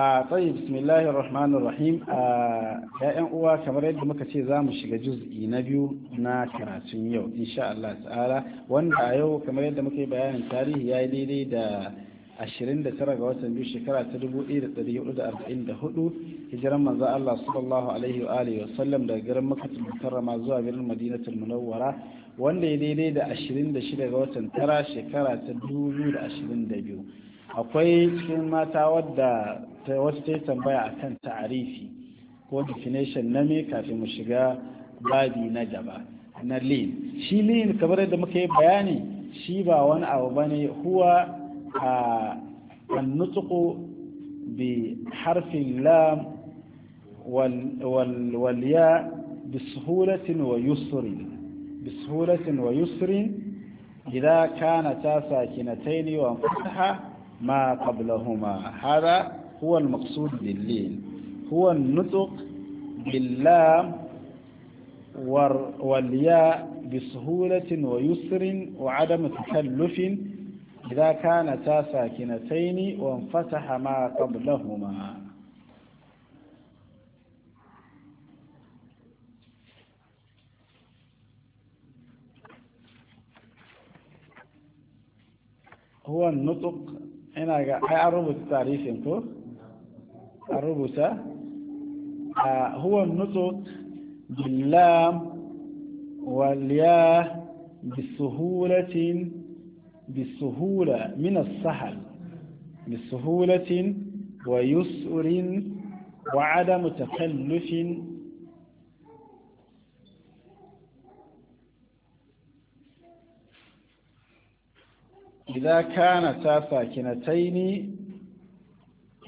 a tsayi bismillahir rahmanir rahim a ya'yan uwa kamar yadda muka ce za mu shiga juz'i na biyu na karatun yau insha Allah ta'ala wanda a yau kamar yadda muka yi bayanin tarihi ya yi daidai da 29 ga watan biyu shekara ta 1444 hijiran manzo Allah sallallahu alaihi wa alihi wa sallam daga garin Makka mukarrama zuwa birnin Madinatul Munawwara wanda ya daidai da 26 ga watan tara shekara ta 2022 akwai cikin mata wadda ta wasu ta yi tambaya a kan ta'arifi ko definition na me kafin mu shiga babi na gaba na lean shi lean kamar yadda muka yi bayani shi ba wani abu ba ne huwa a annutsuku bi harfin lam walya bisihulatin wa yusrin bisihulatin wa yusrin idan kana ta ne wa fasaha ما قبلهما هذا هو المقصود باللين هو النطق باللام والياء بسهولة ويسر وعدم تكلف إذا كانتا ساكنتين وانفتح ما قبلهما هو النطق هناك هي الربط التاريخي انتو الربط آه، هو النطق باللام والياء بسهولة من السهل ويسر وعدم تكلف إذا كانتا ساكنتين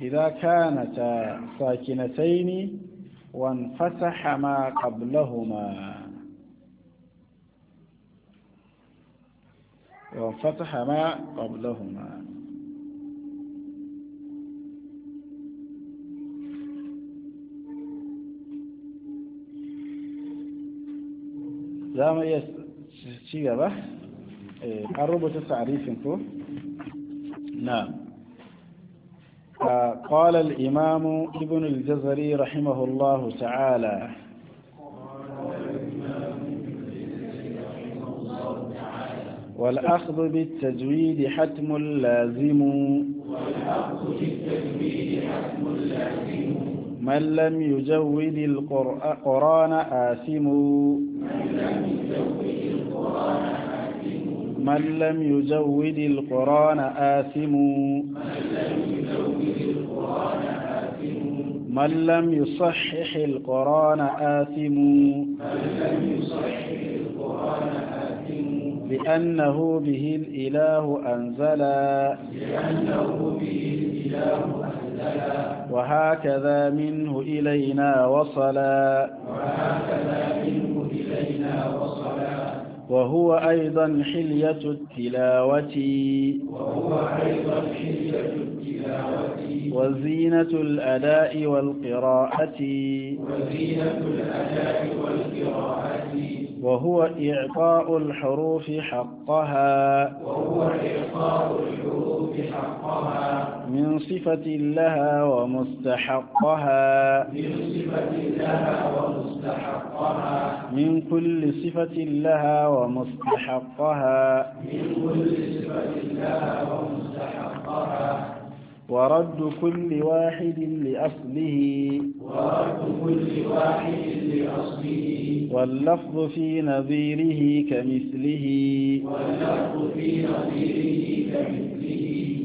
إذا كانتا ساكنتين وانفتح ما قبلهما وانفتح ما قبلهما زعما يا شيخ an rubuta ta'arifin ko na قال الإمام ابن الجزري رحمه الله تعالى والأخذ بالتجويد حتم لازم من لم يجود القرآن آثم من لم يجود القرآن من لم يزود القرآن آثم من لم يصحح القرآن آثم لأنه به الإله أنزلا لأنه به الإله وهكذا منه إلينا وصلا وهكذا منه وهو أيضا حلية التلاوة وهو أيضا حلية التلاوة وزينة الأداء والقراءة وزينة الأداء والقراءة وهو إعطاء الحروف حقها وهو إعطاء الحروف حقها من صفة لها ومستحقها من صفة لها ومستحقها من كل صفة لها ومستحقها من كل صفة لها ومستحقها ورد كل واحد لأصله ورد كل واحد لأصله واللفظ في نظيره كمثله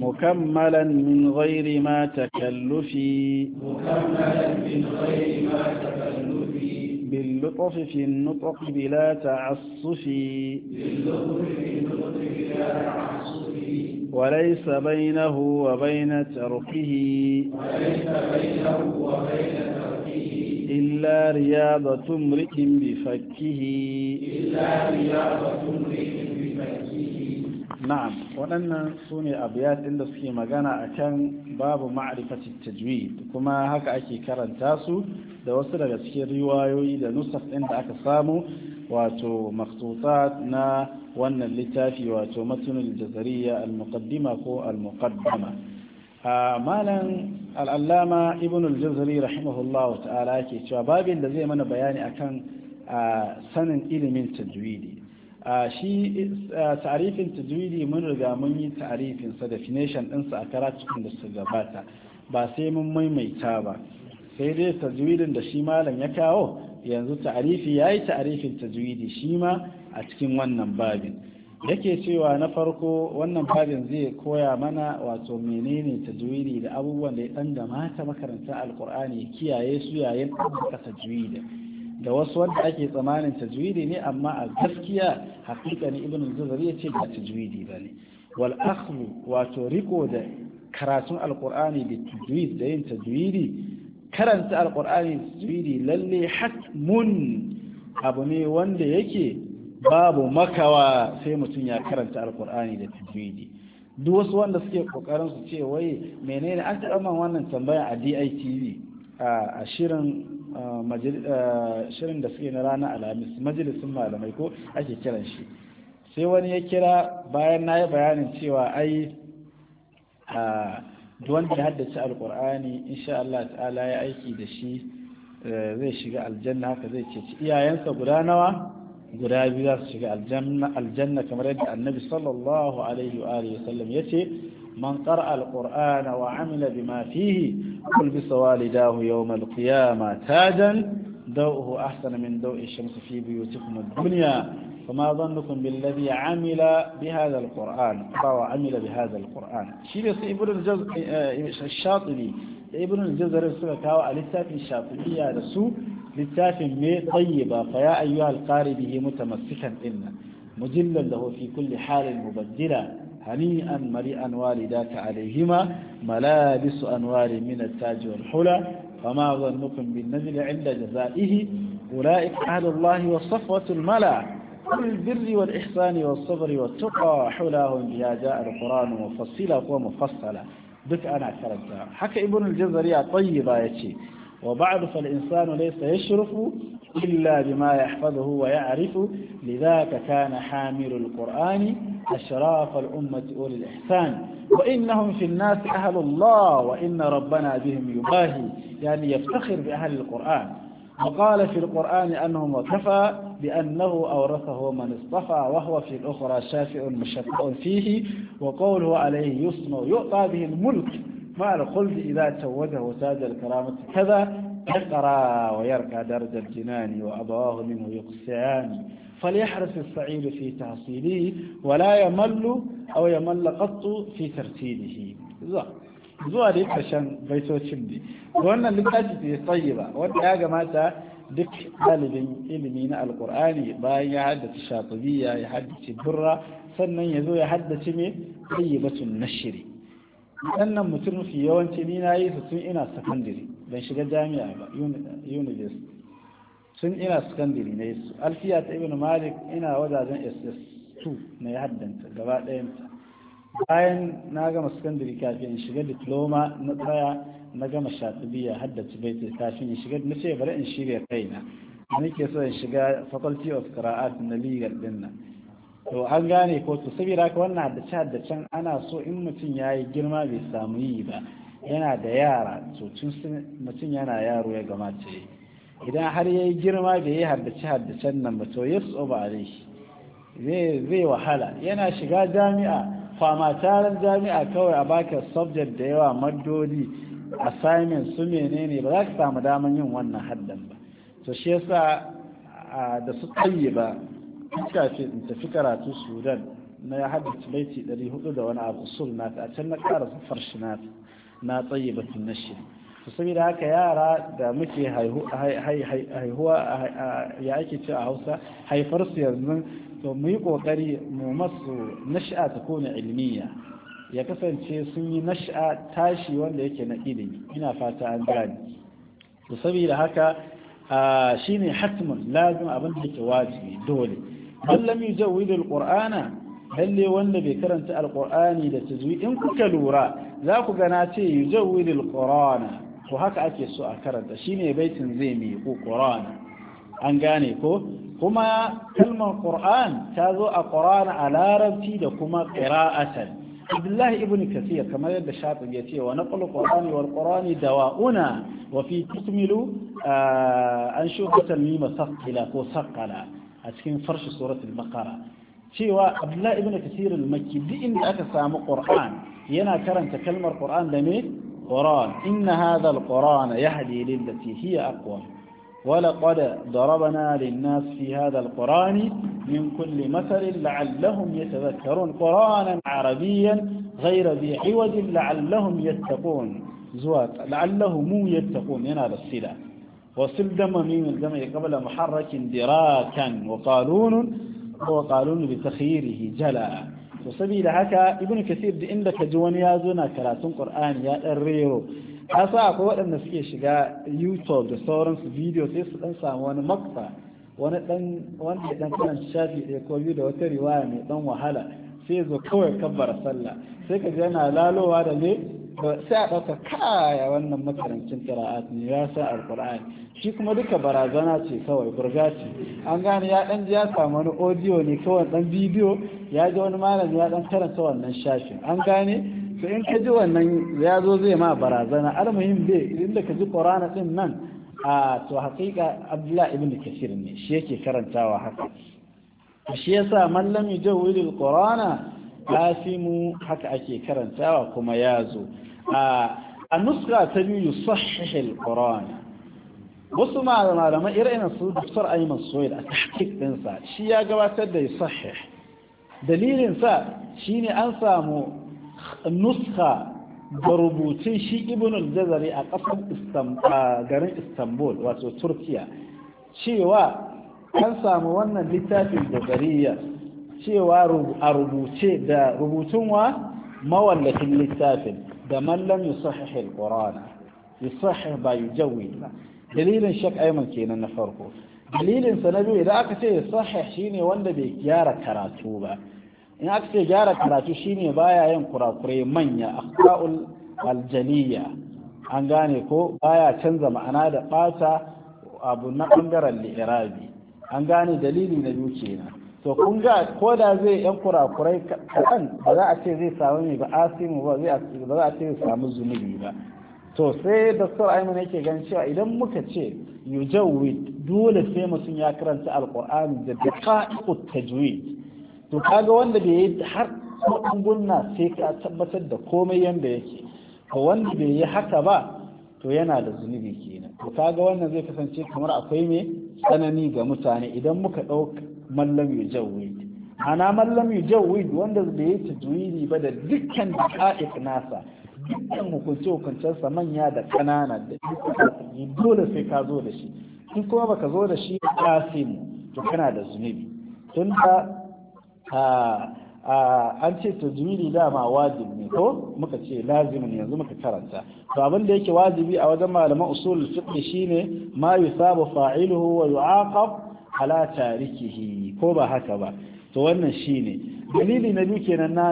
مكملا من غير ما تكلف باللطف في النطق بلا تعصف باللطف في النطق بلا تعصف وليس بينه وبين تركه وليس بينه وبين تركه إلا رياضة امرئ بفكه إلا رياضة امرئ بفكه نعم وأن سوني أبيات إن في مجانا أكان باب معرفة التجويد كما هكا أكي كارن تاسو da wasu daga cikin riwayoyi da nusaf ɗin da aka samu wato maktutat na wannan littafi wato matunan jazariya al ko al malam al'allama ibn al-jazari rahimahullah ta'ala ke cewa babin da zai mana bayani akan sanin ilimin tajwidi shi tarifin tajwidi mun riga mun yi tarifin sa definition ɗinsa a karatun da su gabata ba sai mun maimaita ba sai dai tajwidin da shi malam ya kawo yanzu ta'arifi ya yi ta'arifin tajwidi shi ma a cikin wannan babin yake cewa na farko wannan fadin zai koya mana wato menene tajwidi da abubuwan da ya dan da mata makaranta alkur'ani kiyaye su yayin ɗaukaka tajwidi da wasu wanda ake tsamanin tajwidi ne amma a gaskiya hakika ne ibn zuzari ya ce ba tajwidi ba ne wal akhlu wato riko da karatun alkur'ani da tajwid da yin tajwidi karanta alkur'ani tajwidi lalle hakmun abu ne wanda yake babu makawa sai mutum ya karanta alkur'ani da tajwidi duk wasu wanda suke kokarin su ce wai menene an taɓa man wannan tambaya a DITV a shirin shirin da suke na ranar alhamis majalisun malamai ko ake kiran shi sai wani ya kira bayan na yi bayanin cewa ai wanda ya haddace alkur'ani insha Allah ta'ala ya aiki da shi eh, zai shiga aljanna haka zai ce iyayensa guda nawa guda biyu za su shiga aljanna kamar yadda annabi sallallahu alaihi wa alihi wasallam yace man qara'a alqur'ana wa amila bima fihi kul bi sawalidahu yawm alqiyama tajan dawuhu ahsana min dawi shamsi fi buyutikum ad-dunya فما ظنكم بالذي عمل بهذا القرآن أو عمل بهذا القرآن شيء ابن الجز... الشاطبي ابن الجزري سوى كاو على الشاطبية su. littafin mai tsaye ba fa ya ayyu alƙari da mutu masifan ɗin nan mujillar da hofi kulle halin mubaddila hani an mari an wari da ta alihima malabisu an wari minar taji wal hula fa ma zan nufin bin nazili inda da za'ihi ƙura ikin ahalullahi wa mala kul birri wal ihsani wa sabari wa tuka wa hula hun biya ja al mu fassila ko mu fassala duk ana karanta haka ibn al-jazari a tsayi ya ce وبعد فالإنسان ليس يشرف إلا بما يحفظه ويعرف لذاك كان حامل القرآن أشراف الأمة أولي الإحسان وإنهم في الناس أهل الله وإن ربنا بهم يباهي يعني يفتخر بأهل القرآن وقال في القرآن أنهم وكفى بأنه أورثه من اصطفى وهو في الأخرى شافع مشفع فيه وقوله عليه يصنع يؤتى به الملك ما الخلد إذا تود وساد الكرامة كذا يقرى ويركى درج الجنان وأبواه منه يقسعان فليحرس الصعيد في تحصيله ولا يمل أو يمل قط في ترتيله زوالي عشان بيتو شمدي وانا اللي لكاتب طيبة وانا يا جماعة دك طالب علمين القرآن باي يحدث الشاطبية يحدث الدرة سنن يزوي يحدث من طيبة النشري waɗannan mutum mafi yawanci ni na yi su tun ina sakandare ban shiga jami'a ba university tun ina sakandare na yi su alfiya ta ibn malik ina wajajen ss2 na ya haddanta gaba ɗayanta bayan na gama sakandare kafin in shiga diploma na tsaya na gama shatibiya haddace bai baiti kafin in shiga na ce bari in shirya kai kaina nake so in shiga faculty of kara'at na legal din to an gane ko to saboda ka wannan haddace haddacen ana so in mutum ya yi girma bai samu yi ba yana da yara to tun mutum yana yaro ya gamata yi idan har ya yi girma bai yi haddace haddacen nan ba to yes over zai wahala yana shiga jami'a fama taron jami'a kawai a baka subject da yawa maddodi assignment su menene ba za ka samu daman yin wannan haddan ba to shi yasa da su tsayi ba kafin in tafi karatu sudan na ya haddace baiti 400 da wani abu sul na a can na ƙara safar shi na na tsaye batun na shi to saboda haka yara da muke haihuwa ya ake ce a hausa haifar su yanzu to mu yi ƙoƙari mu masu nasha ta kone ilmiya ya kasance sun yi nasha tashi wanda yake na ilimi ina fata an gani to saboda haka shine hatman lazim abin da yake wajibi dole man lam yuzawwid alqur'ana lalle wanda bai karanta alqur'ani da tajwid in kuka lura za ku ga na ce yuzawwid alqur'ana to haka ake so a karanta shine baitin zai mai ko qur'ana an gane ko kuma kalmar qur'an ta zo a qur'ana a larabci da kuma qira'atan abdullahi ibn kasir kamar yadda Shafin ya ce wa naqlu qur'ani wal qur'ani dawa'una wa fi tukmilu an shuka talmima saqila ko sakala. أسكين فرش سورة البقرة شيوا أبلا ابن كثير المكي بإن أكثام قرآن ينا كرن تكلم القرآن لمن قرآن إن هذا القرآن يهدي للتي هي أقوى ولقد ضربنا للناس في هذا القرآن من كل مثل لعلهم يتذكرون قرآنا عربيا غير ذي عوض لعلهم يتقون زوات لعلهم يتقون ينال بالسلام وصل دم ميم الدم قبل محرك دراكا وقالون وقالون بتخييره جلا وسبيل ka ji wani ya عندك جوان يازونا كراتون قرآن يا الريرو hasa akwai waɗanda suke shiga youtube da sauransu bidiyo sai su ɗan samu wani makfa wani ɗan wanda ɗan kanan shafi ɗaya ko biyu da wata riwaya mai ɗan wahala sai zo kawai kabbara sallah sai ka ji yana lalowa da me. sai a ɗauka kaya wannan makarancin ƙira'at ne ya san alƙur'ani shi kuma duka barazana ce kawai burga ce an gane ya ɗan ya samu wani audio ne kawai ɗan bidiyo ya ji wani malami ya ɗan karanta wannan shafin an gane to in ka ji wannan ya zo zai ma barazana almuhim idan da ka ji ƙorana ɗin nan a to haƙiƙa abdullahi ibn kashir ne shi yake karantawa haka shi ya sa yasa man ƙorana? Ya fi mu haka ake karantawa kuma ya zo a nuska ta biyu sahihil ƙorani wasu malamai irin su dr aiman soyid a tahqiq ɗinsa shi ya gabatar da sahih dalilin sa shine an samu nuska da rubutun shi Ibnul jazari a ƙasar garin istanbul wato turkiya cewa an samu wannan littafin da cewa a rubuce da rubutunwa mawallakin littafin da mallan yusahih al-qur'ana yusahih ba yujawwid ba dalilin shak ayman kenan na farko dalilin sa na biyu idan aka ce yusahih shine wanda bai gyara karatu ba in aka ce gyara karatu shine baya yin kurakurai manya akhta'ul aljaniya an gane ko baya canza ma'ana da bata abu na bangaren li'irabi an gane dalili na biyu kenan to kun ga ko da zai yan kurakurai kaɗan ba za a ce zai samu mai ba asimu ba za a ce zai samu zunubi ba to sai daktar aiman yake gan cewa idan muka ce yujawid dole sai mutum ya karanta alkur'ani da daqa'iqut tajwid to kaga wanda bai yi har kudin gunna sai ka tabbatar da komai yanda yake to wanda bai yi haka ba to yana da zunubi kenan to kaga wannan zai kasance kamar akwai me tsanani ga mutane idan muka ɗauka mallam ya jawid ana mallam ya jawid wanda da ya juyiri ba da dukkan da'a'iq nasa dukkan hukunce hukuncensa manya da ƙanana da dole sai ka zo da shi in kuma baka zo da shi mu, to kana da zunubi tun da an ce juyiri dama wajibi ne ko muka ce lazimin yanzu muka karanta to abin da yake wajibi a wajen malaman usul fiqh shine ma yusabu fa'iluhu wa yu'aqab ala tarikihi ko ba haka ba to wannan shine dalili na biyu kenan na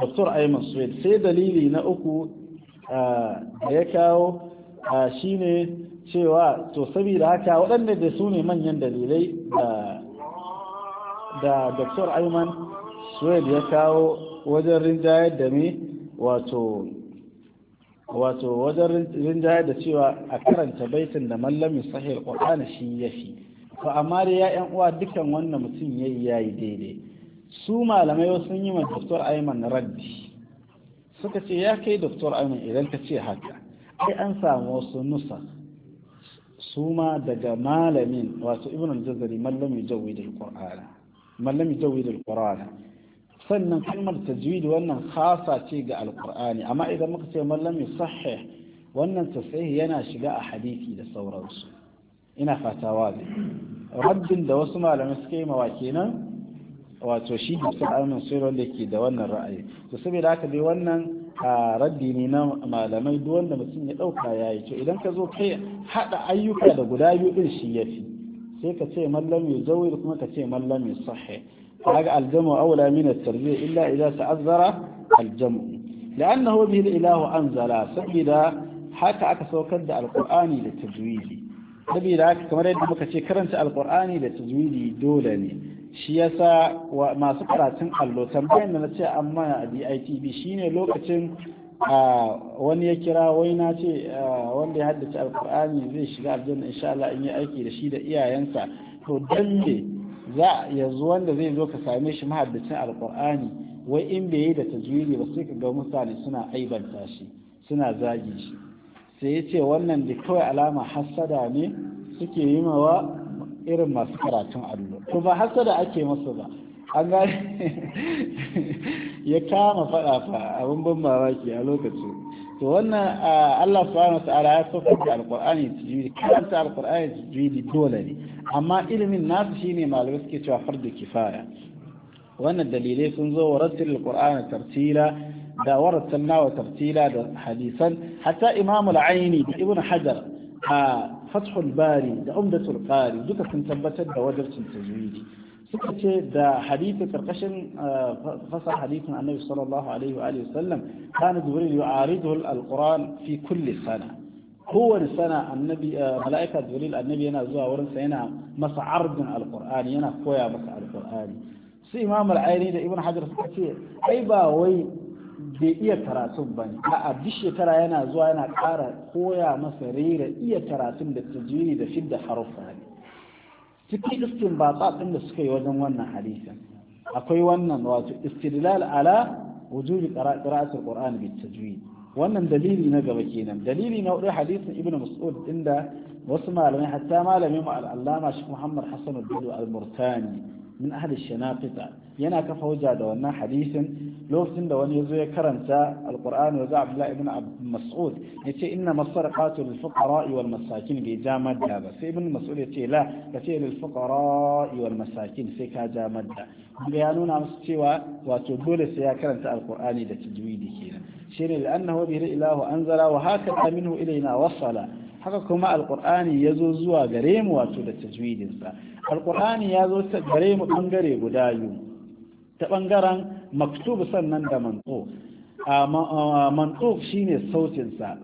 Dr. Ayman Suwaid sai dalili na uku da ya kawo shine cewa to saboda haka waɗanne da su ne manyan dalilai da Dr. Ayman Suwaid ya kawo wajen rinjayar da me wato wato wajen rinjayar da cewa a karanta baitin da mallamin sahih al-qur'ani shi yafi ko amma da ya yan uwa dukkan wannan mutum ya yi yayi daidai su malamai wasu sun yi ma doktor ayman raddi suka ce ya kai doktor ayman idan ka ce haka ai an samu wasu nusa su ma daga malamin wato ibn al-jazari mallami jawi da qurana mallami jawi da qurana sannan kalmar tajwid wannan khasa ce ga al amma idan muka ce mallami sahih wannan tasahih yana shiga a hadisi da sauransu ina fata wazi Rabin da wasu malamai suka yi mawa kenan wato shi dr amin da ke da wannan ra'ayi to saboda haka dai wannan a raddi ne na malamai duk wanda mutum ya ɗauka ya yi to idan ka zo kai haɗa ayyuka da guda biyu din shi ya fi sai ka ce mallam ya kuma ka ce mallam ya sahi kaga aljamu aula min at-tarbiya illa idza ta'azzara aljamu la'annahu bihi al-ilahu anzala saboda haka aka saukar da alqur'ani da tajwidi saboda haka kamar yadda muka ce karanta alkur'ani da tajwidi dole ne shi yasa masu karatun allo tambayan da na ce amma a DITB shine lokacin wani ya kira wai na ce wanda ya haddace alkur'ani zai shiga aljanna insha Allah in yi aiki da shi da iyayensa to dan ne za yanzu wanda zai zo ka same shi mahaddacin alkur'ani wai in bai yi da tajwidi ba sai ka ga mutane suna aibanta shi suna zagi shi sai ya ce wannan da kawai alama hasada ne suke yi mawa irin masu karatun allo to ba hasada ake masu ba an gane ya kama faɗa fa abin ban mamaki a lokacin to wannan Allah subhanahu wata'ala ya sauka da alqur'ani tajwidi karanta alqur'ani tajwidi dole ne amma ilimin nasu shine malamai suke cewa fardu kifaya wannan dalilai sun zo wa rattil alqur'ana tartila da warattalna wa tartila da hadisan hatta imamu al-aini da ibn hajar a fathul bari da umdatul qari duka sun tabbatar da wajibcin tajwidi suka ce da hadisi karkashin fasa hadisin annabi sallallahu alaihi wa sallam kana jibril fi kulli sana kowane sana annabi mala'ika jibril annabi yana zuwa wurin sa yana masa ardin alqur'ani yana koya masa alqur'ani su imam al da ibn hajar suka ce ai ba wai bai iya karatun ba ne a duk shekara yana zuwa yana ƙara koya masa rera iya taratun da tajiri da fidda haruffa ne cikin iskin ba ɗin da suka yi wajen wannan hadisin akwai wannan wato istidlal ala wujubi qira'atul qur'an bit tajwid wannan dalili na gaba kenan dalili na hudu hadisin ibnu mas'ud inda wasu malamai hatta malamin mu al-allama shi Muhammad Hassan al al-Murtani min ahli shanafita yana kafa hujja da wannan hadisin lokacin da wani yazo ya karanta alqur'ani wa abdullahi ibn mas'ud yace inna masarqatu lil fuqara wal masakin bi jamadda ba sai ibn mas'ud yace la yace lil fuqara wal masakin sai ka jamadda kuma ya nuna musu cewa wato dole sai ya karanta alqur'ani da tajwidi kenan shine lannahu bi ilahu anzala wa hakata minhu ilayna wasala haka kuma alkur'ani ya zo zuwa gare mu wato da tajwidinsa alkur'ani ya zo gare mu gare guda biyu ta bangaren maktub sannan da mantu shi shine sautinsa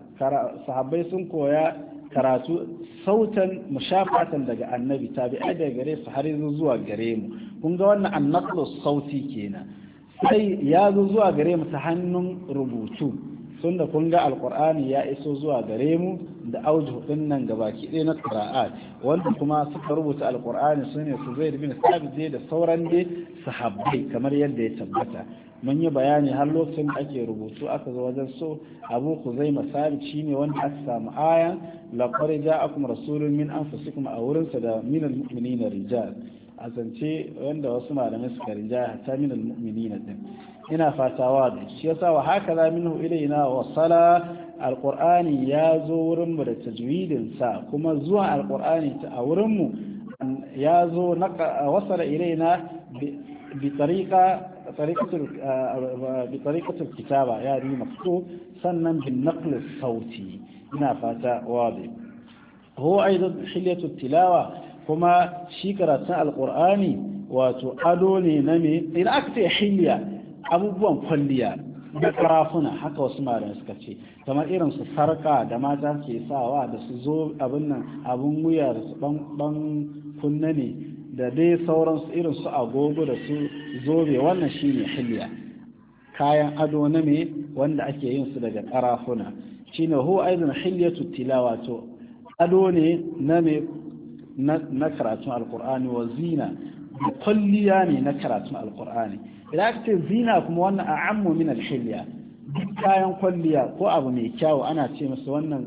sahabbai sun koya karatu sautan mushafatan daga annabi tabi'ai daga gare su har yanzu zuwa gare mu kun ga wannan annaqlu sauti kenan sai ya zo zuwa gare mu ta hannun rubutu sun da kun ga alkur'ani ya iso zuwa gare mu da aujuhu din nan baki ɗaya na qira'at wanda kuma suka rubuta alkur'ani sune su zai bin sabit da sauran dai sahabbai kamar yadda ya tabbata mun yi bayani har lokacin da ake rubutu aka zo wajen so abu ku zai masali shi ne wanda aka samu aya laƙwari ja akum rasulun min anfusikum a wurinsa da minal mu'minina rijal a zance wanda wasu malamai suka rinja ta min almu'minina din ina fata wa shi yasa wa haka za minhu ilaina wa sala alqur'ani ya zo wurin mu da tajwidin sa kuma zuwa alqur'ani ta a wurin mu ya zo naqa wasara ilaina bi tariqa tariqatul eh, bi tariqatul kitaba ya ri maktub sannan bin naql sauti ina fata wa هو أيضا حلية التلاوة كما شكرة القرآن وتؤدوني نمي إن أكت حلية abubuwan kwalliya da karafuna haka wasu malamai suka ce kamar irin su sarka da mata ke sawa da su zo abin nan abin wuya da su ɗan kunna ne da dai sauransu irin su agogo da su zobe wannan shi ne hilya kayan ado na me wanda ake yin su daga karafuna shine hu aizin hilya tutila wato ado ne na me na karatun alkur'ani wa zina kwalliya ne na karatun Alƙur'ani. idan zina kuma wannan a ammu min alhilya duk kayan kwalliya ko abu mai kyau ana ce masa wannan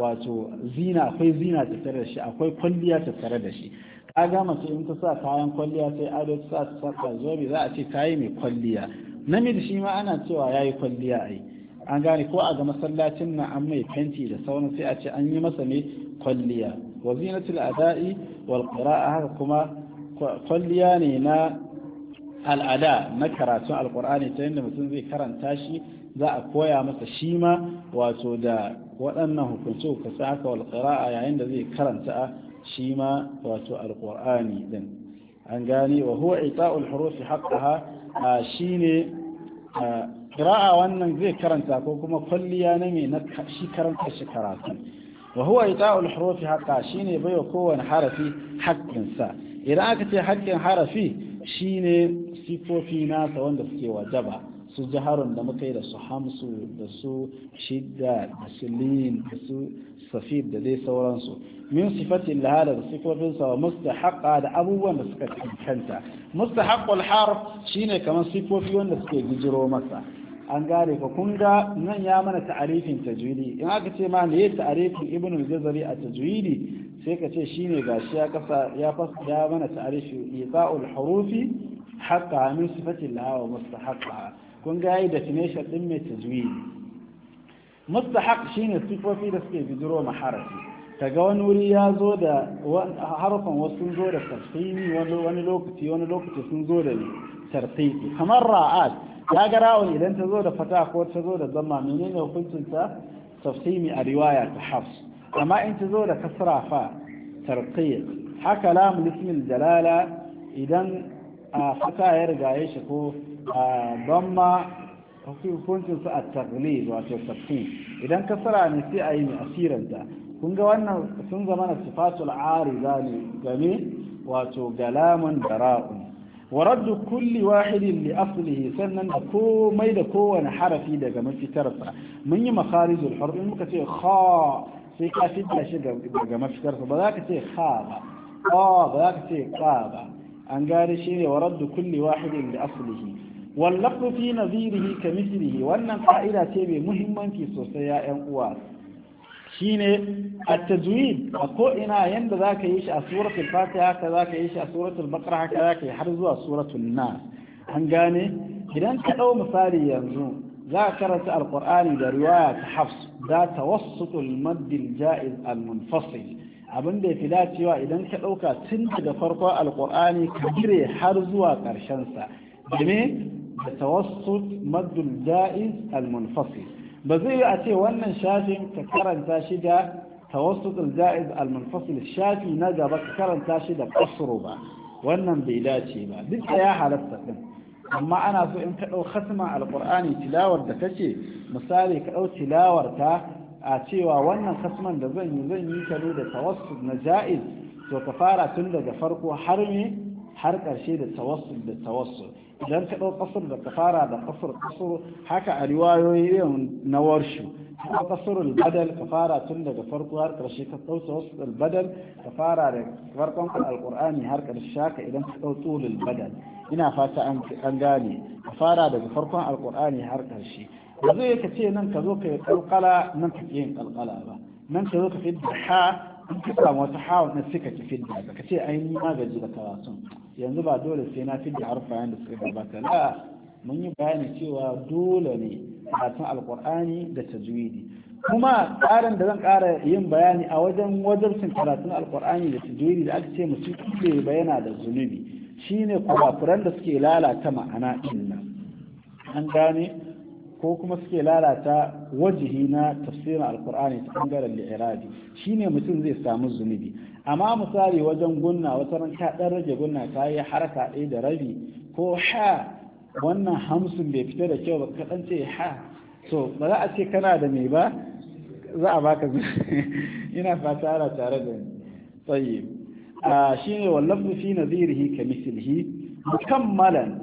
wato zina akwai zina tattare da shi akwai kwalliya tattare da shi gama mace in ta sa kayan kwalliya sai ado ta sa ta saka zobe za a ce kayi mai kwalliya namiji shi ma ana cewa yayi kwalliya ai an gane ko a ga masallacin nan an mai fenti da sauran sai a ce an yi masa ne kwalliya wa zinatul ada'i wal qira'a haka kuma kwalliya ne na al'ada na karatun alkur'ani ta yadda mutum zai karanta shi za a koya masa shi ma wato da waɗannan hukunci hukunci haka wal qira'a yayin da zai karanta shi ma wato alkur'ani din an gane wa huwa ita'ul hurufi haqqaha shine qira'a wannan zai karanta ko kuma kwalliya na me na shi karanta shi karatu wa huwa ita'ul hurufi haqqa shine baiwa kowane harafi haƙƙinsa idan aka ce haƙƙin harafi shine sifofi nasa wanda suke wajaba su jiharun da muka yi da su hamsu da su shidda da su lin da su safir da dai sauransu min sifatin laha da sa wa mustahaqa da abubuwan da suka cancanta mustahaqul harf shine kamar sifofi wanda suke gijiro masa an gare ka kun ga nan ya mana ta'arifin tajwidi in aka ce ma ne ta'arifin ibnu jazari a tajwidi sai ka ce shine gashi ya kasa ya fasa ya mana ta'arifi ifa'ul hurufi haqqa min sifatin laha wa mustahaqqa kun ga yi definition din mai tajwidi mustahaq shine sifofi da suke bijiro ma harafi kaga wani wuri ya zo da harafan wasu sun zo da tarfini wani lokaci wani lokaci sun zo da tarfini kamar ra'ad ya ga ra'un idan ta zo da fata ko ta zo da zama menene hukuncin ta tafsimi a riwaya ta hafs amma in ta zo da kasra fa tarqiq haka lam ismil jalala idan a fata ya rigaye shi ko don ma hukuncin su a taglid wato tafsir idan kasara ne sai a yi ne asiranta kun ga wannan sun zama na sifatul ariza ne game wato galamun dara'un wa raddu kulli wahidin li aslihi sannan da komai da kowane harafi daga mafitarsa mun yi makharijul huruf in muka ce kha sai ka shi daga mafitarsa ba za ka ce kha ba ba za ka ce ka ba an gane shi ne wa raddu kulli wahidin da aslihi wallafdu fi nazirihi ka mislihi wannan ka'ida ce mai muhimmanci sosai ya ƴan uwa shine at-tajwid a ko ina yanda zaka yi shi a suratul fatiha haka zaka yi shi a suratul baqara haka zaka yi har zuwa suratul nas an gane idan ka dau misali yanzu za ka karanta alqur'ani da riwaya ta hafs da tawassutul madd jaiz al-munfasil abin da ya fi dacewa idan ka ɗauka tun daga farko alkur'ani ka gire har zuwa ƙarshensa game da tawassut maddul ja'iz al-munfasil ba zai yi a ce wannan shafin ka karanta shi da tawassut al-ja'iz al-munfasil shafi na gaba ka karanta shi da kasro ba wannan bai dace ba duk da ya halatta din amma ana so in ka ɗau khatma alkur'ani tilawar da kace misali ka ɗau tilawar ta a cewa wannan kasman da zan yi zan yi kalo da tawassul na ja'iz to ka fara tun daga farko har me har ƙarshe da tawassul da tawassul idan ka ɗau ƙasar da ka fara da ƙasar kasur haka a riwayoyi na warshu ka kasur albadal ka fara tun daga farko har ƙarshe ka ɗau tawassul albadal ka fara da farkon alƙur'ani har ƙarshe haka idan ka ɗau tulul badal ina fata an gane ka fara daga farkon alƙur'ani har ƙarshe ba zai ce nan ka zo ka yi kalkala nan ka yin kalkala ba nan ka zo ka fi da ha in ka samu wata ha wannan sai ka fi da ka ce ai ni da karatun yanzu ba dole sai na fi da harfa yanda suka gabata la mun yi bayani cewa dole ne karatun alkur'ani da tajwidi kuma tsarin da zan kara yin bayani a wajen wajabcin karatun alkur'ani da tajwidi da aka ce mutum kuɗe ba yana da zunubi shine kurakuran da suke lalata ma'ana ɗin nan an gane ko kuma suke lalata wajihi na tafsirin alkur'ani ta ɓangaren li'irabi shine mutum zai samu zunubi amma misali wajen gunna wata ran ɗan rage gunna ta yi haraka ɗaya da rabi ko ha wannan hamsin bai fita da kyau ba ka ce ha to ba za a ce kana da mai ba za a baka ina fata ana tare da ni tsaye a shine wallafu fi nazirihi ka mislihi mukammalan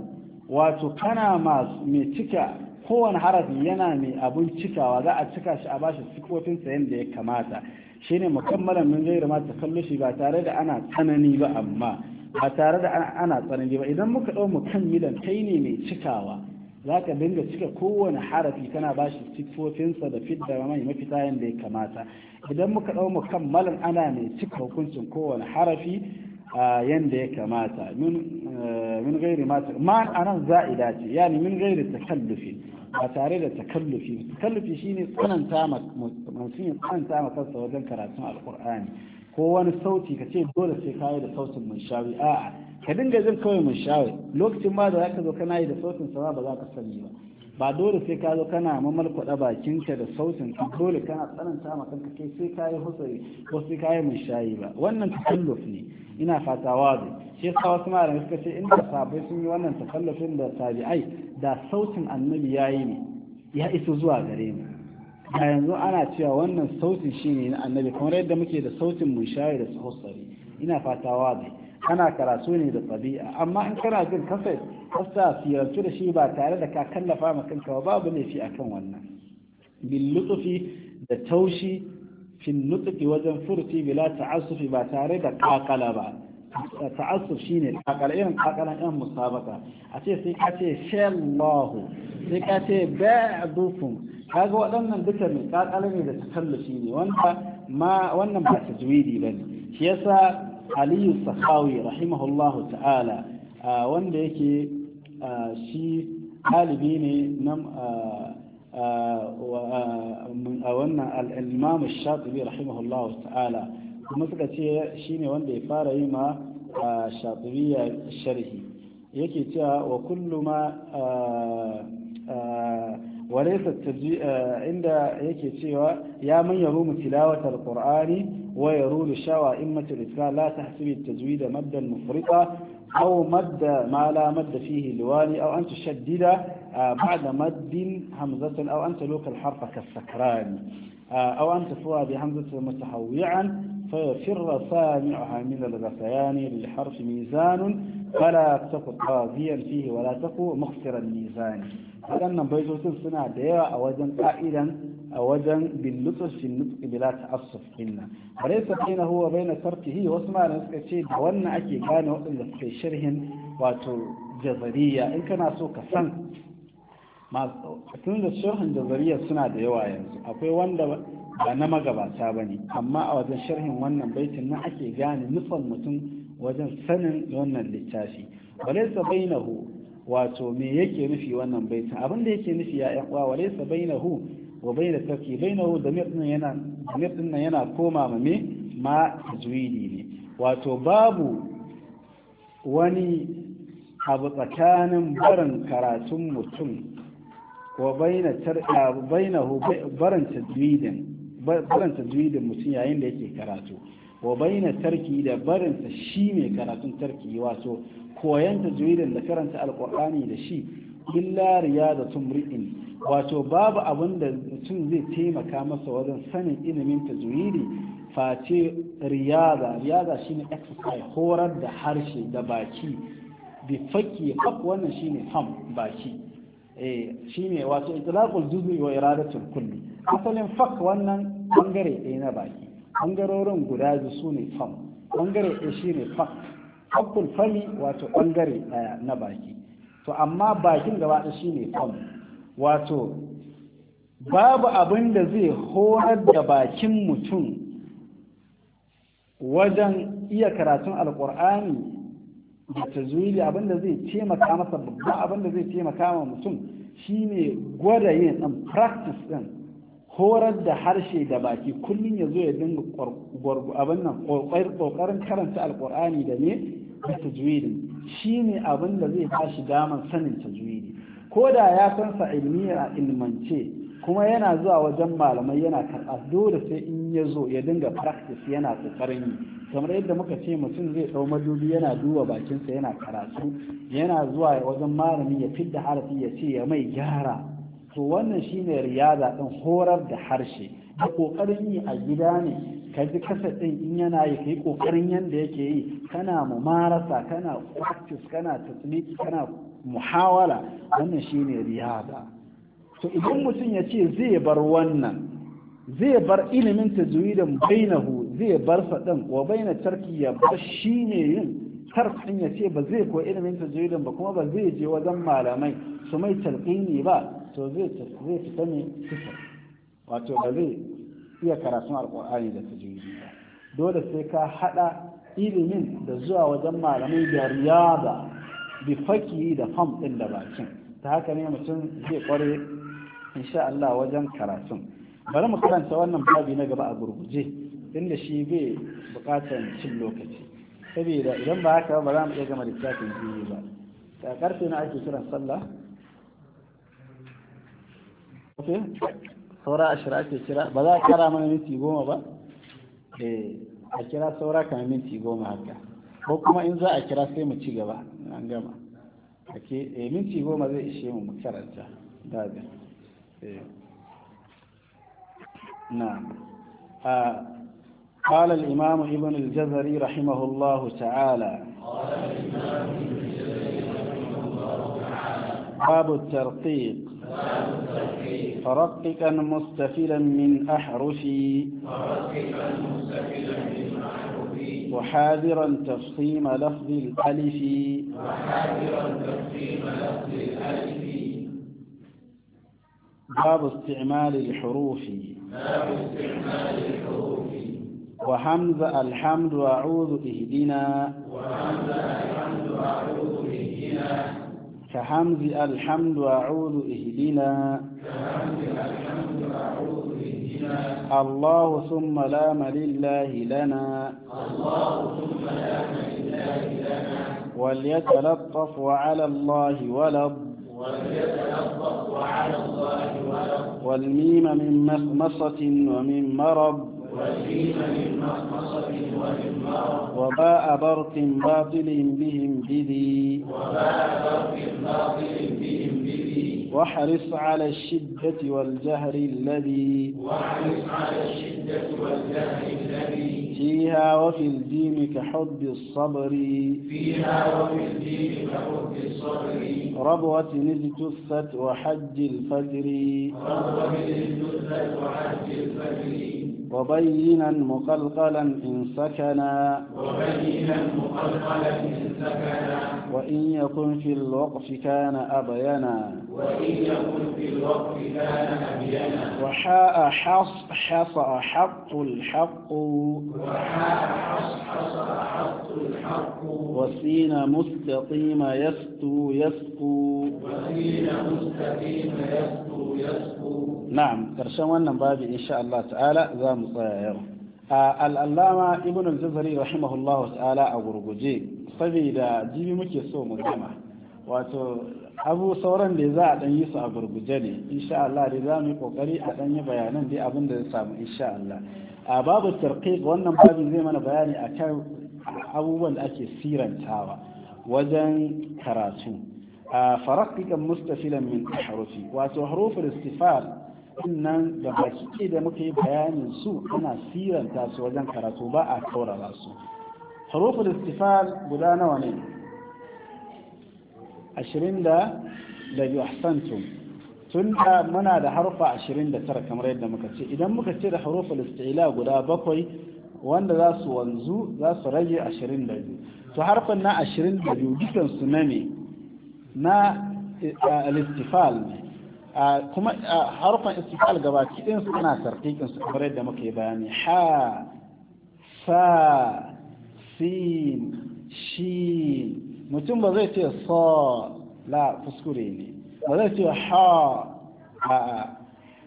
wato kana mai cika kowane harafi yana mai abun cikawa za a cika shi a bashi sifofinsa yadda ya kamata shine mukammalan min ta kallo shi ba tare da ana tsanani ba amma ba tare da ana tsanani ba idan muka ɗau mukammilan kai ne mai cikawa za ka dinga cika kowane harafi kana ba shi siffofinsa da fidda mai mafita yadda ya kamata idan muka ɗau mukammalan ana mai cika hukuncin kowane harafi yanda ya kamata min gairi mata man anan za'ida ce yani min gairi takallufi ba tare da takallufi takallufi shine tsananta mutum ya tsananta ma kansa wajen karatun Alkur'ani. ko wani sauti ka ce dole sai ka yi da sautin munshawi a'a ka dinga jin kawai munshawi lokacin ma da zaka zo kana yi da sautin sa ba za ka sani ba ba dole sai ka zo kana mamalkwada bakinka da sautin ka dole kana tsananta ma kanka kai sai ka yi husari ko sai ka yi munshayi ba wannan takalluf ne ina fata wazi shi yasa wasu malamai suka ce inda sabai sun yi wannan tafallafin da tabi'ai da sautin annabi yayi ne ya iso zuwa gare mu a yanzu ana cewa wannan sautin shine na annabi kamar yadda muke da sautin mun shayi da sahussari ina fata wazi kana karatu ne da tabi'a amma in kana jin kasai kasa siyarci da shi ba tare da ka kallafa ma kanka ba babu laifi akan wannan bil lutfi da taushi fin nutsuki wajen furci bila ta'assufi ba tare da kakala ba ta'assuf shine kakala irin kakala yan musabaka a ce sai ka ce shallahu sai ka ce ba'dukum kaga waɗannan duka ne kakala ne da takallushi ne wanda ma wannan ba tajwidi bane shi yasa Aliyu sakawi rahimahullahu ta'ala wanda yake shi ɗalibi ne na ومن الإمام الشاطبي رحمه الله تعالى ومسكة شيني وان دي فارهما الشاطبية آه، الشرهي يكي تا وكل ما آه، آه، وليس عند يكي تيوا يا من يروم تلاوة القرآن ويرول شوائمة الإسلام لا تحسب التزويد مبدا مفرطا أو مد ما لا مد فيه لواني أو أن تشدد آه، بعد مد همزة أو أن تلوك الحرف كالسكران آه، أو أن تفوى بهمزة متحوعا فيفر سامعها من الغثيان للحرف ميزان فلا تقو قاضيا فيه ولا تقو مخسر الميزان waɗannan baitocin suna da أو a قائلا a wajen bin lutsashin nutsi bila ta'assuf inna bare sa baina huwa baina tarkihi wasu malamai suka ce da wannan ake gane waɗanda suka sharhin wato jazariya in kana so ka san tun da sharhin jazariya suna da yawa yanzu akwai wanda ba na magabata ba ne amma a wajen sharhin wannan baitin na ake gane nufan mutum wajen sanin wannan littafi walaisa bainahu wato me yake nufi wannan baitin abin da yake nufi ya yan uwa walaisa bainahu wa bayna sarki bainahu damir din yana damir din nan yana koma ma me ma tajwidi ne wato babu wani abu tsakanin barin karatun mutum wa baina tar'a bainahu barin tajwidin barin tajwidin mutum yayin da yake karatu wa baina tarki da barin shi mai karatun tarki wato koyan tajwidin da karanta alqur'ani da shi illa riyadatu mri'in wato babu abin da mutum zai taimaka masa wajen sanin ilimin tajwidi face riyaza riyaza shine exercise horar da harshe da baki bi fakki haf wannan shine ham baki eh shine wato itlaqul juz'i wa iradatul kulli asalin fak wannan bangare ɗaya na baki bangarorin guda biyu sune fam bangare ɗaya shine fak hakul fami wato bangare ɗaya na baki to amma bakin gaba ɗaya shine kom wato babu abin da zai horar da bakin mutum wajen iya karatun alkur'ani da zuri abin da zai taimaka masa babba abin da zai taimaka ma mutum shine gwada yin ɗan practice ɗin horar da harshe da baki kullum ya zo ya dinga abin nan ƙoƙarin karanta alkur'ani da ne bi tajwidi shine abin da zai ba shi damar sanin tajwidi ko da ya san sa ilmiya ilmance kuma yana zuwa wajen malamai yana karɓa dole sai in ya zo ya dinga practice yana kokarin yi kamar yadda muka ce mutum zai ɗau madubi yana duba bakinsa yana karatu yana zuwa wajen malami ya fidda harafi ya ce ya mai gyara to wannan shine riyaza ɗin horar da harshe a kokarin yi a gida ne ka ji kasa ɗin in yana yi ka yi ƙoƙarin yadda yake yi kana mumarasa kana practice kana tasmiki kana muhawala wannan shi ne riyada to idan mutum ya ce zai bar wannan zai bar ilimin tajwidin bainahu zai bar sa ɗin wa baina tarki ya bar shi ne yin tarkin ya ce ba zai koyi ilimin tajwidin ba kuma ba zai je wajen malamai su mai talƙini ba to zai fita ne wato ba zai iya karatun alkur'ani da tajwidi ba dole sai ka hada ilimin da zuwa wajen malamai da riyada bi faki da fam din da bakin ta haka ne mutum zai kware insha Allah wajen karatun bari mu karanta wannan babi na gaba a gurguje inda shi bai bukatar cin lokaci saboda idan ba haka ba za mu iya gama littafin biyu ba ta karfe na ake kiran sallah سورا أشرا كيرا بدأ كرا من ينتي قوم أبا أشرا إيه، سورا كان ينتي قوم هكا حكم إنزا أشرا سي متشيغا با نعم أكي آه، ينتي قوم هذا إشي ممكسر أجا دادا نعم قال الإمام ابن الجذري رحمه الله تعالى قال الإمام ابن الجذري رحمه الله تعالى باب الترقيق فرققا مستفلا من أحرفي وحاذرا تفصيم لفظ الألف باب استعمال الحروف وحمز الحمد وأعوذ إهدنا وحمز الحمد وأعوذ إهدنا كحمز الحمد وأعوذ إهدنا الله ثم لا لله لنا وليتلطف وعلى الله ولض والميم من مخمصة ومن مرض وباء برق باطل بهم بذي وما أبرق باطل بهم بذي واحرص على الشدة والجهر الذي فيها وفي الدين كحب الصبر فيها وفي الدين كحب الصبر ربوة اجتثت وحج الفجر ربوة اجتثت وحج الفجر وبينا مقلقلا إن سكنا وبينا مقلقلا إن سكنا وإن يكن في الوقف كان أبينا وإن يكن في الوقف كان أبينا وحاء حص حص حق الحق وحاء حص حص حق الحق وسين مستقيم يستو يسقو وسين مستقيم يستو يسقو na'am karshen wannan babu insha Allah ta'ala za mu tsaya yau al'allama ibn al-jazari rahimahullahu ta'ala a gurguje saboda jibi muke so mu gama wato abu sauran da za a dan yi su a gurguje ne insha Allah dai za mu yi kokari a dan yi bayanan da abin da ya samu insha Allah a babu tarqiq wannan babu zai mana bayani akan abubuwan da ake sirantawa wajen karatu a faraqiqan mustafilan min tahrufi wato huruful istifal nan da baki da muka yi bayanin su ana siranta su wajen karatu ba a taurara su haruful istifal guda nawa ne ashirin da da yuhsantum tun da muna da harfa ashirin da tara kamar yadda muka ce idan muka ce da haruful istila guda bakwai wanda za su wanzu za su rage ashirin da biyu to harfin na ashirin da biyu dukansu na ne na eh, al-istifal ne kuma harfan istifal gaba kiɗin su ana tartikin su kamar yadda muke bayani ha sa sin shi mutum ba zai ce so la fuskure ne ba zai ce ha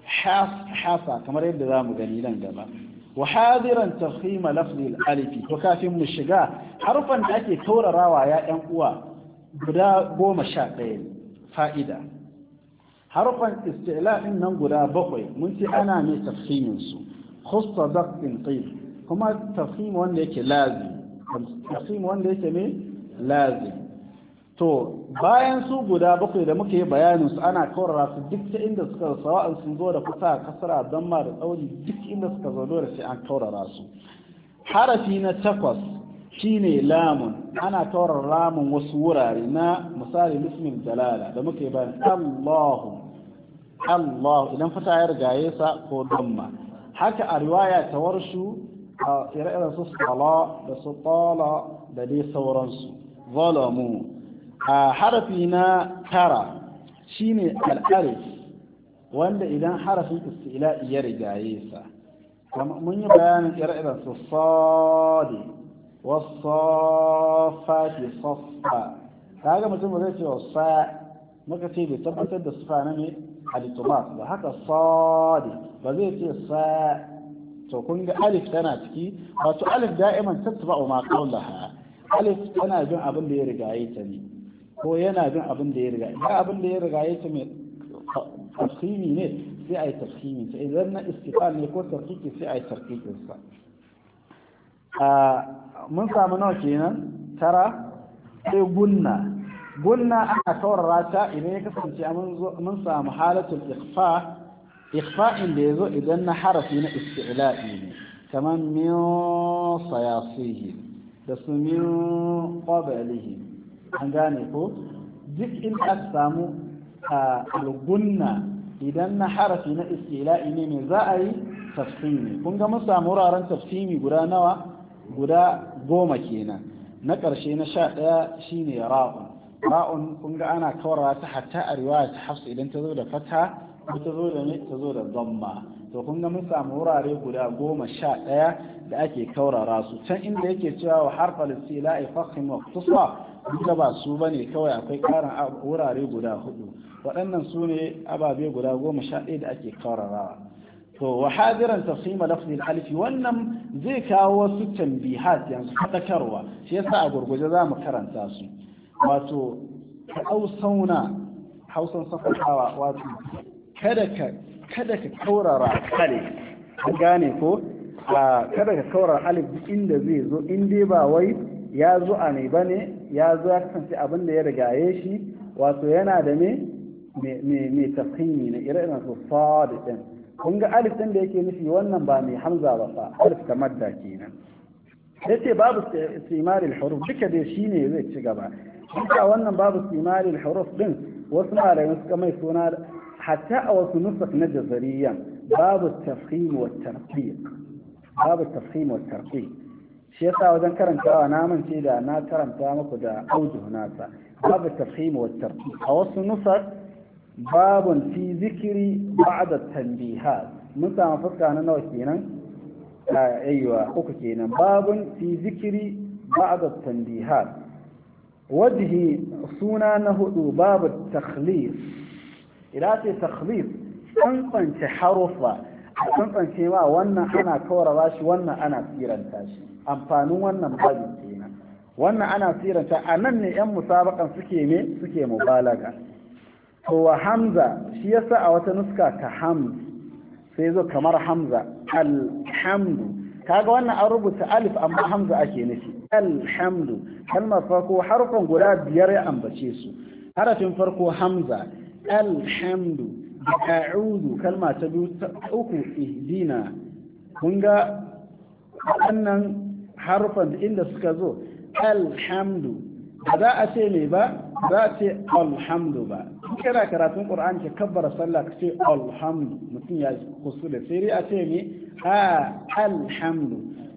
hasa kamar yadda za mu gani nan gaba wa hadiran tafhima lafzi alifi to kafin mu shiga harfan da ake taurarawa ya yan uwa guda goma sha ɗaya fa'ida harfan istila nan guda bakwai mun ce ana mai tafsimin su khussa in kuma tafsim wanda yake lazim tafsim wanda yake ne lazim to bayan su guda bakwai da muke bayanin su ana kaurara su duk ta inda suka sawa'an sun zo da kusa kasara damma da tsauri duk inda suka zo da sai an kaurara su harafi na takwas shine lamun ana taurar lamun wasu wurare na misali lismin jalala da muke bayan Allahu Allahu idan fata ya riga sa ko damma haka a riwaya ta warshu a ire-iren su sala da su tala da dai sauransu zalamu a harafi na tara shine al'arif wanda idan harafin istila'i ya riga sa mun yi bayanin ire su sadi والصافات صفا هذا مثل ما قلت الصاء ما كتير بتبقى تد الصفا نمي على الطماط وهذا الصاد بزيت الصاء تكون ألف سنة تكي ألف دائما تتبع ما لها ألف أنا جون أبن لي رجعيتني هو انا جون أبن لي رجع لا أبن لي رجعيتني تفخيمي نت في أي تفخيمي فإذا لنا استقال يكون تفخيمي في أي تفخيمي آه، mun samu nawa kenan tara sai gunna gunna ana saurara ta idan ya kasance mun samu halatul ikhfa ikhfa'in da yazo idan na harafi na isti'la'i ne kaman min sayasihi da su min qablihi an gane ko duk in aka samu al-gunna idan na harafi na isti'la'i ne me za a yi tafsimi kun ga mun samu wuraren tafsimi guda nawa guda goma kenan na ƙarshe na sha ɗaya shine ra'un ra'un kun ga ana kawara ta hatta a riwaya ta hafsu idan ta zo da fata ko ta zo da ta zo da zamma to kun ga mun samu wurare guda goma sha ɗaya da ake kaurara su can inda yake cewa wa harfal a fakhim wa tusa duka ba su bane kawai akwai ƙarin wurare guda hudu waɗannan su ne ababe guda goma sha ɗaya da ake kaurarawa to wa hadiran tasima lafzil alif wannan zai kawo wasu tambihat yanzu fadakarwa shi yasa a gurguje za mu karanta su wato hausauna hausan safatawa wato kada ka kada ka kaurara kare. gane ko kada ka kaurara alif duk inda zai zo in dai ba wai ya zo a mai bane ya zo ya kasance abin da ya rigaye shi wato yana da me me me tafhimi na ire-iren su kun ga alif ɗin da yake nufi wannan ba mai hamza ba fa alif ta madda kenan yace babu istimaril huruf duka dai ne zai ci gaba duka wannan babu istimaril huruf din wasu malamai suka mai suna hatta a wasu nusuk na jazariyan babu tafhim wa tarqiq babu tafhim wa tarqiq shi yasa wajen karantawa na mance da na karanta muku da aujuh nasa babu tafhim wa tarqiq a wasu nusuk babun fi zikiri ba ba'da tanbihat mun samu fuska na nawa kenan aiwa uku kenan babun fi zikiri ba ba'da tanbihat wajhi suna na hudu babu takhlif idan ce takhlif tsantsance harufa tsantsance ma wannan ana kawarara shi wannan ana tsiranta shi amfanin wannan babin kenan wannan ana tsiranta a nan ne 'yan musabakan suke ne suke mubalaga to wa hamza shi yasa a wata nuska ta hamz sai zo kamar hamza alhamdu kaga wannan an rubuta alif amma hamza ake nufi alhamdu kalmar farko harfin guda biyar ya ambace su harafin farko hamza alhamdu a'udu kalma ta biyu ta uku ihdina kun ga wannan harfan inda suka zo alhamdu ba za a ce ne ba za a ce alhamdu ba kana karatun qur'ani ka kabbara sallah ka ce alhamdu mutum ya kusura sai dai a ce ne a alhamdu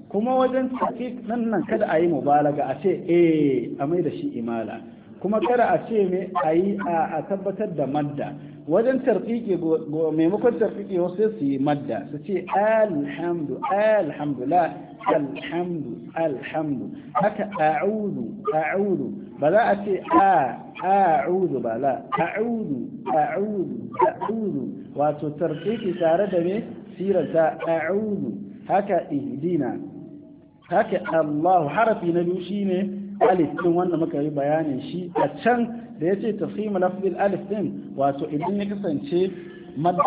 kuma wajen tafi nan nan kada a yi mubalaga a ce eh a mai da shi imala kuma kada a ce me a yi a tabbatar da madda wajen tarfike maimakon tarfiƙe wasu su yi madda su ce alhamdu alhamdu la alhamdu alhamdu haka a'udu a'udu ba za a ce a a'udu ba la a'udu a'udu a'udu wato tarfike tare da me sirarta a'udu haka ihdina haka allahu harafi na biyu shine alif din wanda muka yi bayanin shi a can da ya ce fi lafzil alif din wato idan ya kasance madda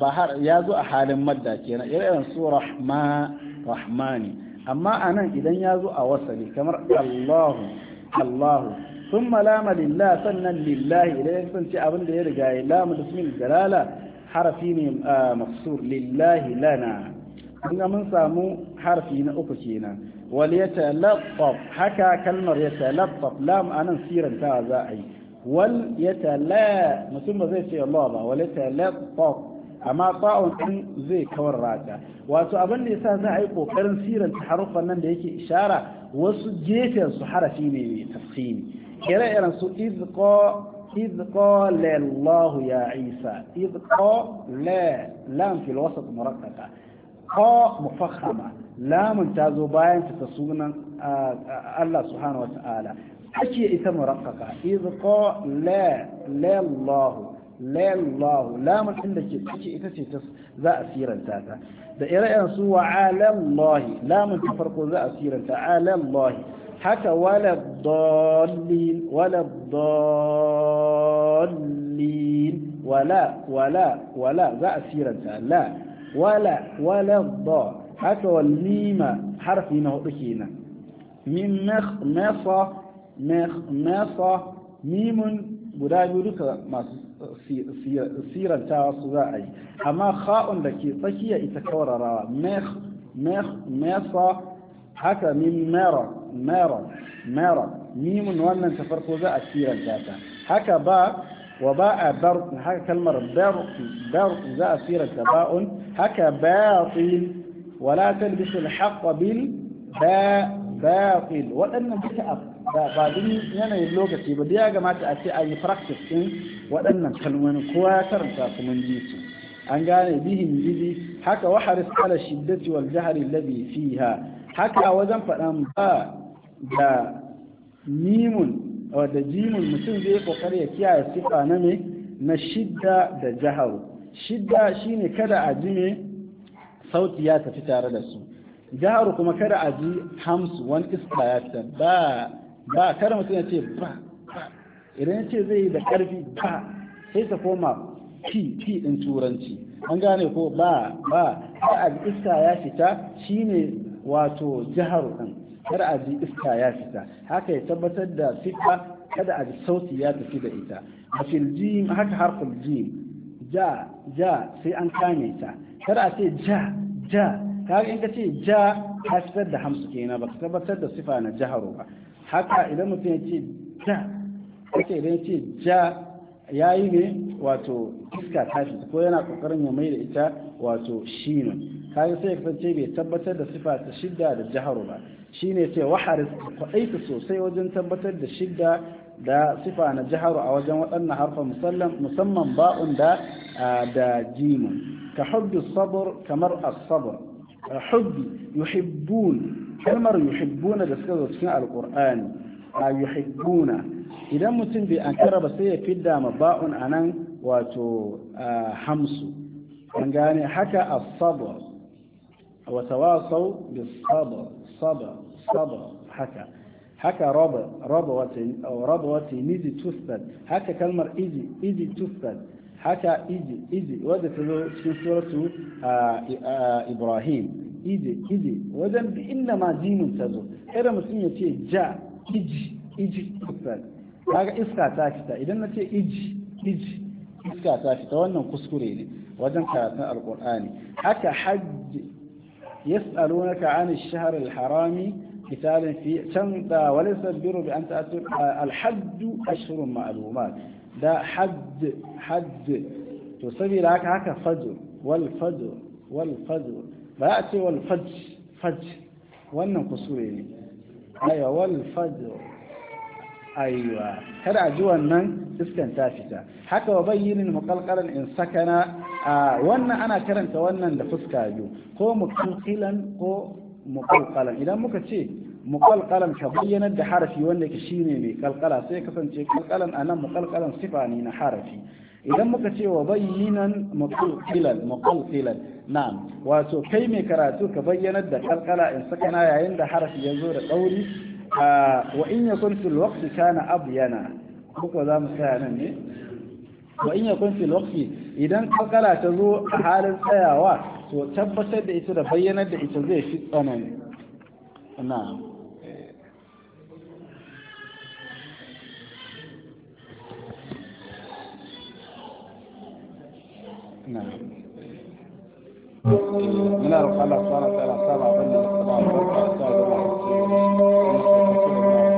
ba ya zo a halin madda kenan irin su rahma rahmani amma anan idan ya zo a wasali kamar Allahu Allahu thumma lama lillah sannan lillahi idan ya kasance abin da ya riga ya lamu da sumin dalala harafi ne ah, maksur lillahi lana kun mun samu harfi na uku kenan وليتلطف حكى كلمة يتلطف لام أنا نصير انتا زائي وليتلا مثل ما زي سي الله الله وليتلطف أما طاعون أن زي كور راجع واسو أبن يسا زائي قو قرن سير حروفا نم بيك إشارة واسو جيت ينسو تفخيم تفخيني كلا ينسو إذ قا إذ قال الله يا عيسى إذ قال لا لام في الوسط مرققة قا مفخمة Lamin ta zo bayan ta sunan Allah subhanahu wata'ala ake ita murakkaka iz qa la la Allah da ke ita ce ta za a siranta ta da ire-iren su wa alallahi lamun ta farko za a siranta alallahi haka wala dollin wala wala wala wala za a siranta la wala wala dallin haka walmima harfi na hudu kenan min nasa nasa mimun guda biyu duka masu sirantawa su za a yi amma kha'un da ke tsakiya ita kawararawa nasa haka min mera mera mera mimun wannan ta farko za a siranta ta haka ba wa ba a bar haka kalmar bar za a siranta ba'un haka batin wala talbisu al-haqqa bil batil waɗannan duka ba ba din yanayin lokaci ba da ya gamata a ce a yi practice din waɗannan kalman kowa ya karanta su mun an gane bihin bihi haka wa haris ala shiddati wal jahri alladhi fiha haka wajen faɗan ba da mimun da jimun mutum zai kokari ya kiyaye sifa na me na shidda da jihar. shidda shine kada a ji sauti ya tafi tare da su Jihar kuma kada a ji hamsu wani iska ya fita ba ba kada mutum ya ce ba idan ya ce zai yi da karfi ba sai ta koma ki ki in turanci an gane ko ba ba kada a ji iska ya fita shine wato jihar din kada a ji iska ya fita haka ya tabbatar da sifa kada a ji sauti ya tafi da ita a filjim haka harfin jim ja ja sai an kame ta kar a ce ja ja kaga in ka ce ja ka da hamsu kenan ba ka tabbatar da sifa na jaharo ba haka idan mutum ya ce ja kake idan ce ja ya yi ne wato iska ta ko yana kokarin ya mai da ita wato shinun kaga sai ya kasance bai tabbatar da sifa ta shidda da jaharo ba shi shine ce waharis kwaɗaita sosai wajen tabbatar da shidda da sifa na jiharu a wajen waɗannan harfa musamman ba'un da da كحب الصبر كمرء الصبر حب يحبون كمر يحبون لسكذا تسنع القرآن يحبون إذا متن بأنكر بسيء في الدام باء أنا واتو آه، حمس يعني حكى الصبر وتواصوا بالصبر صبر صبر حكى حكى رب ربوة ربوة نزي تثبت حكى كلمة إيدي إيدي تثبت haka ije ije wadda cikin suratu ibrahim ije ije wajen inda ma jimin ta zo mutum ya ce ja iji iji kaga iska ta fita idan na ce iji iji iska ta fita wannan kuskure ne wajen karatun alkur'ani haka hajji yas'alunaka 'ani ash-shahr al-harami قتال فيه كم وليس البر بأن تأتوا الحج أشهر معلومات da hajj hajj to saboda haka haka fajr wal fajr wal fajr ba a ce wal fajr fajr wannan kusure ne aiwa wal fajr aiwa kada a ji wannan iskan ta fita haka wa bayyinin muqalqalan in sakana wannan ana karanta wannan da fuska biyu ko muqalqilan ko muqalqalan idan muka ce muƙalƙalan ka bayyanar da harafi wanda ke shi ne mai ƙalƙala sai kasance ƙalƙalan a nan muƙalƙalan sifa ne na harafi idan muka ce wa bayyinan muƙalƙilan muƙalƙilan na'am wato kai mai karatu ka bayyanar da ƙalƙala in sakana yayin da harafi ya zo da ɗauri wa in yakun fil waqti kana abyana kuka za mu tsaya nan ne wa in ya fil waqti idan ƙalƙala ta zo a halin tsayawa to tabbatar da ita da bayyanar da ita zai fi tsanani na'am muna roƙon Allah subhanahu wa ta'ala suka ba mu da